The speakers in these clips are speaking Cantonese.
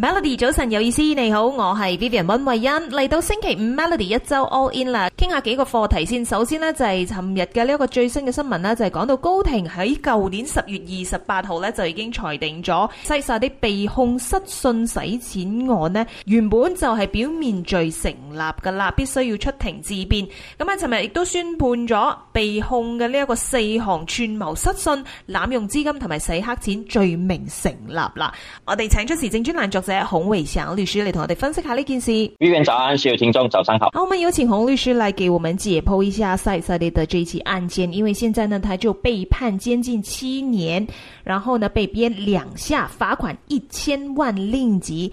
Melody 早晨有意思，你好，我係 Vivian 溫慧欣，嚟到星期五，Melody 一周 All In 啦，傾下幾個課題先。首先呢，就係尋日嘅呢一個最新嘅新聞咧，就係、是、講到高庭喺舊年十月二十八號呢，就已經裁定咗賽沙迪被控失信洗錢案呢，原本就係表面罪成立噶啦，必須要出庭自辯。咁啊，尋日亦都宣判咗被控嘅呢一個四項串謀失信、濫用資金同埋洗黑錢罪名成立啦。我哋請出時政專欄作喺洪偉祥律師嚟，同我的分析卡利金斯。玉院早安，所有聽眾早上好。好，我們有請洪律師來給我們解剖一下賽沙迪的這一宗案件，因為現在呢，他就被判監禁七年，然後呢被鞭兩下，罰款一千萬令吉。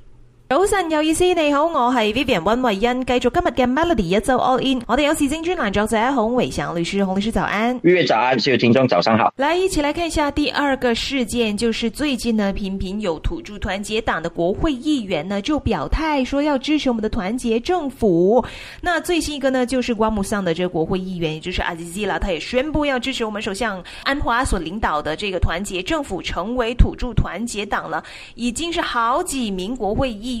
早晨、哦、有意思，你好，我係 Vivian 溫慧欣，繼續今日嘅 Melody 一周 All In。我哋有請時事專欄作者洪偉祥律師，洪律師早安。月，早安，謝謝聽眾，早上好。來，一起來看一下第二個事件，就是最近呢，頻頻有土著團結黨的國會議員呢就表態說要支持我們的團結政府。那最新一個呢，就是瓜姆桑的這個國會議員，也就是阿吉吉啦，他也宣布要支持我們首相安華所領導的這個團結政府成為土著團結黨了。已經是好幾名國會議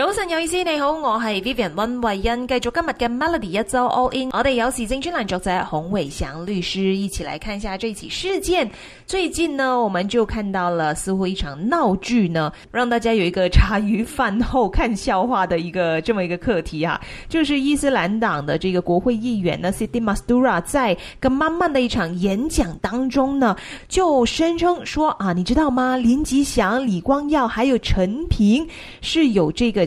早晨，神有意思，你好，我係 Vivian 溫慧欣，繼續今日嘅 Melody 一周 All In。我哋有時政專欄作者洪偉祥律師，一起來看一下這起事件。最近呢，我們就看到了似乎一場鬧劇呢，讓大家有一個茶餘飯後看笑話的一個這麼一個課題啊。就是伊斯蘭黨的這個國會議員呢 Siti Mastura 在跟媽媽的一場演講當中呢，就聲稱說啊，你知道嗎？林吉祥、李光耀還有陳平是有這個。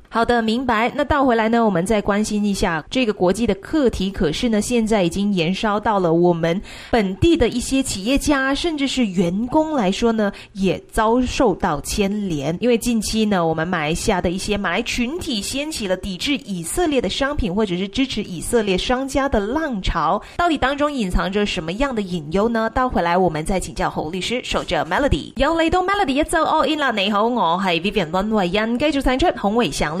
好的，明白。那倒回來呢，我們再關心一下這個國際的課題。可是呢，現在已經延燒到了我們本地的一些企業家，甚至是員工來說呢，也遭受到牽連。因為近期呢，我們馬來西亞的一些馬來群體掀起了抵制以色列的商品，或者是支持以色列商家的浪潮。到底當中隱藏着什麼樣的隱憂呢？倒回來，我們再請教侯律師。守着 Melody，又嚟到 Melody 一周 All In 啦。你好，我係 Vivian 溫慧欣，繼續請出洪偉翔。